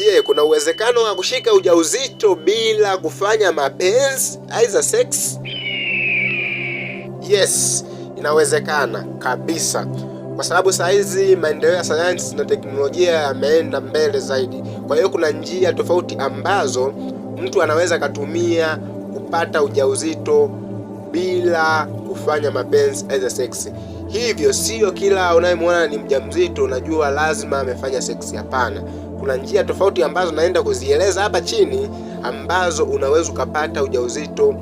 Je, kuna uwezekano wa kushika ujauzito bila kufanya mapenzi aidha sex? Yes, inawezekana kabisa, kwa sababu saa hizi maendeleo ya sayansi na teknolojia yameenda mbele zaidi. Kwa hiyo kuna njia tofauti ambazo mtu anaweza akatumia kupata ujauzito bila kufanya mapenzi aidha sex. Hivyo sio kila unayemwona ni mjamzito unajua lazima amefanya seksi. Hapana, kuna njia tofauti ambazo naenda kuzieleza hapa chini ambazo unaweza ukapata ujauzito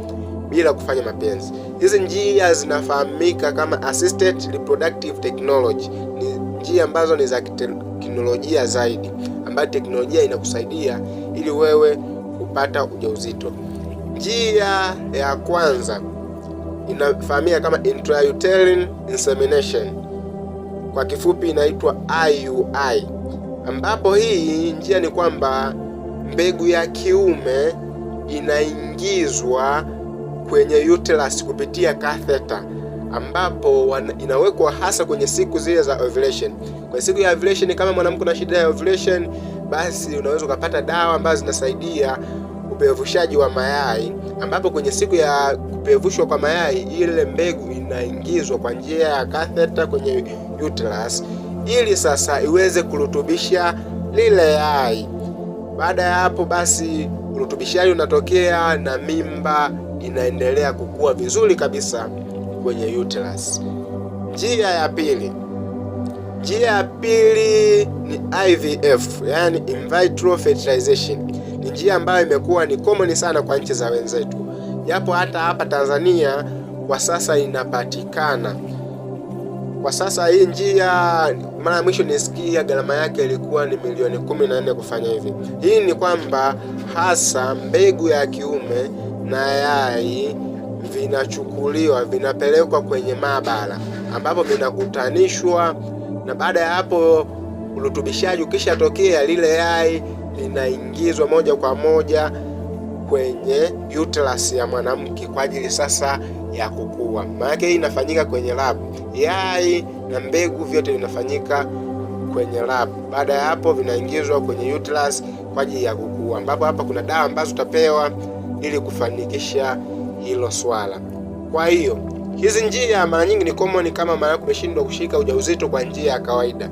bila kufanya mapenzi. Hizi njia zinafahamika kama assisted reproductive technology. Ni njia ambazo ni za kiteknolojia zaidi, ambayo teknolojia inakusaidia ili wewe kupata ujauzito. Njia ya kwanza inafahamika kama intrauterine insemination, kwa kifupi inaitwa IUI, ambapo hii njia ni kwamba mbegu ya kiume inaingizwa kwenye uterus kupitia catheter ambapo inawekwa hasa kwenye siku zile za ovulation. Kwa siku ya ovulation, kama mwanamke na shida ya ovulation, basi unaweza ukapata dawa ambazo zinasaidia upevushaji wa mayai, ambapo kwenye siku ya kupevushwa kwa mayai ile mbegu inaingizwa kwa njia ya katheta kwenye uterus ili sasa iweze kurutubisha lile yai. Baada ya hapo basi urutubishaji unatokea na mimba inaendelea kukua vizuri kabisa kwenye uterus. Njia ya pili, njia ya pili ni IVF, yani in vitro fertilization ni njia ambayo imekuwa ni common sana kwa nchi za wenzetu, japo hata hapa Tanzania kwa sasa inapatikana. Kwa sasa hii njia, mara ya mwisho nisikia gharama yake ilikuwa ni milioni kumi na nne kufanya hivi. Hii ni kwamba hasa mbegu ya kiume na yai vinachukuliwa vinapelekwa kwenye maabara ambapo vinakutanishwa, na baada ya hapo urutubishaji ukishatokea, lile yai inaingizwa moja kwa moja kwenye uterus ya mwanamke kwa ajili sasa ya kukua. Maana hii inafanyika kwenye lab, yai na mbegu vyote vinafanyika kwenye lab. Baada ya hapo, vinaingizwa kwenye uterus kwa ajili ya kukua, ambapo hapa kuna dawa ambazo utapewa ili kufanikisha hilo swala. Kwa hiyo hizi njia mara nyingi ni common, kama mara yako umeshindwa kushika ujauzito kwa njia ya kawaida,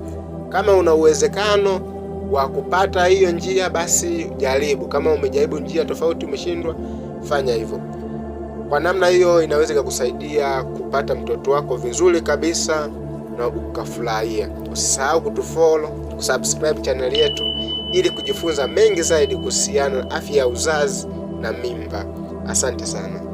kama una uwezekano wa kupata hiyo njia, basi jaribu. Kama umejaribu njia tofauti umeshindwa, fanya hivyo. Kwa namna hiyo inaweza ikakusaidia kupata mtoto wako vizuri kabisa na ukafurahia. Usisahau kutufollow, kusubscribe channel yetu ili kujifunza mengi zaidi kuhusiana na afya ya uzazi na mimba. Asante sana.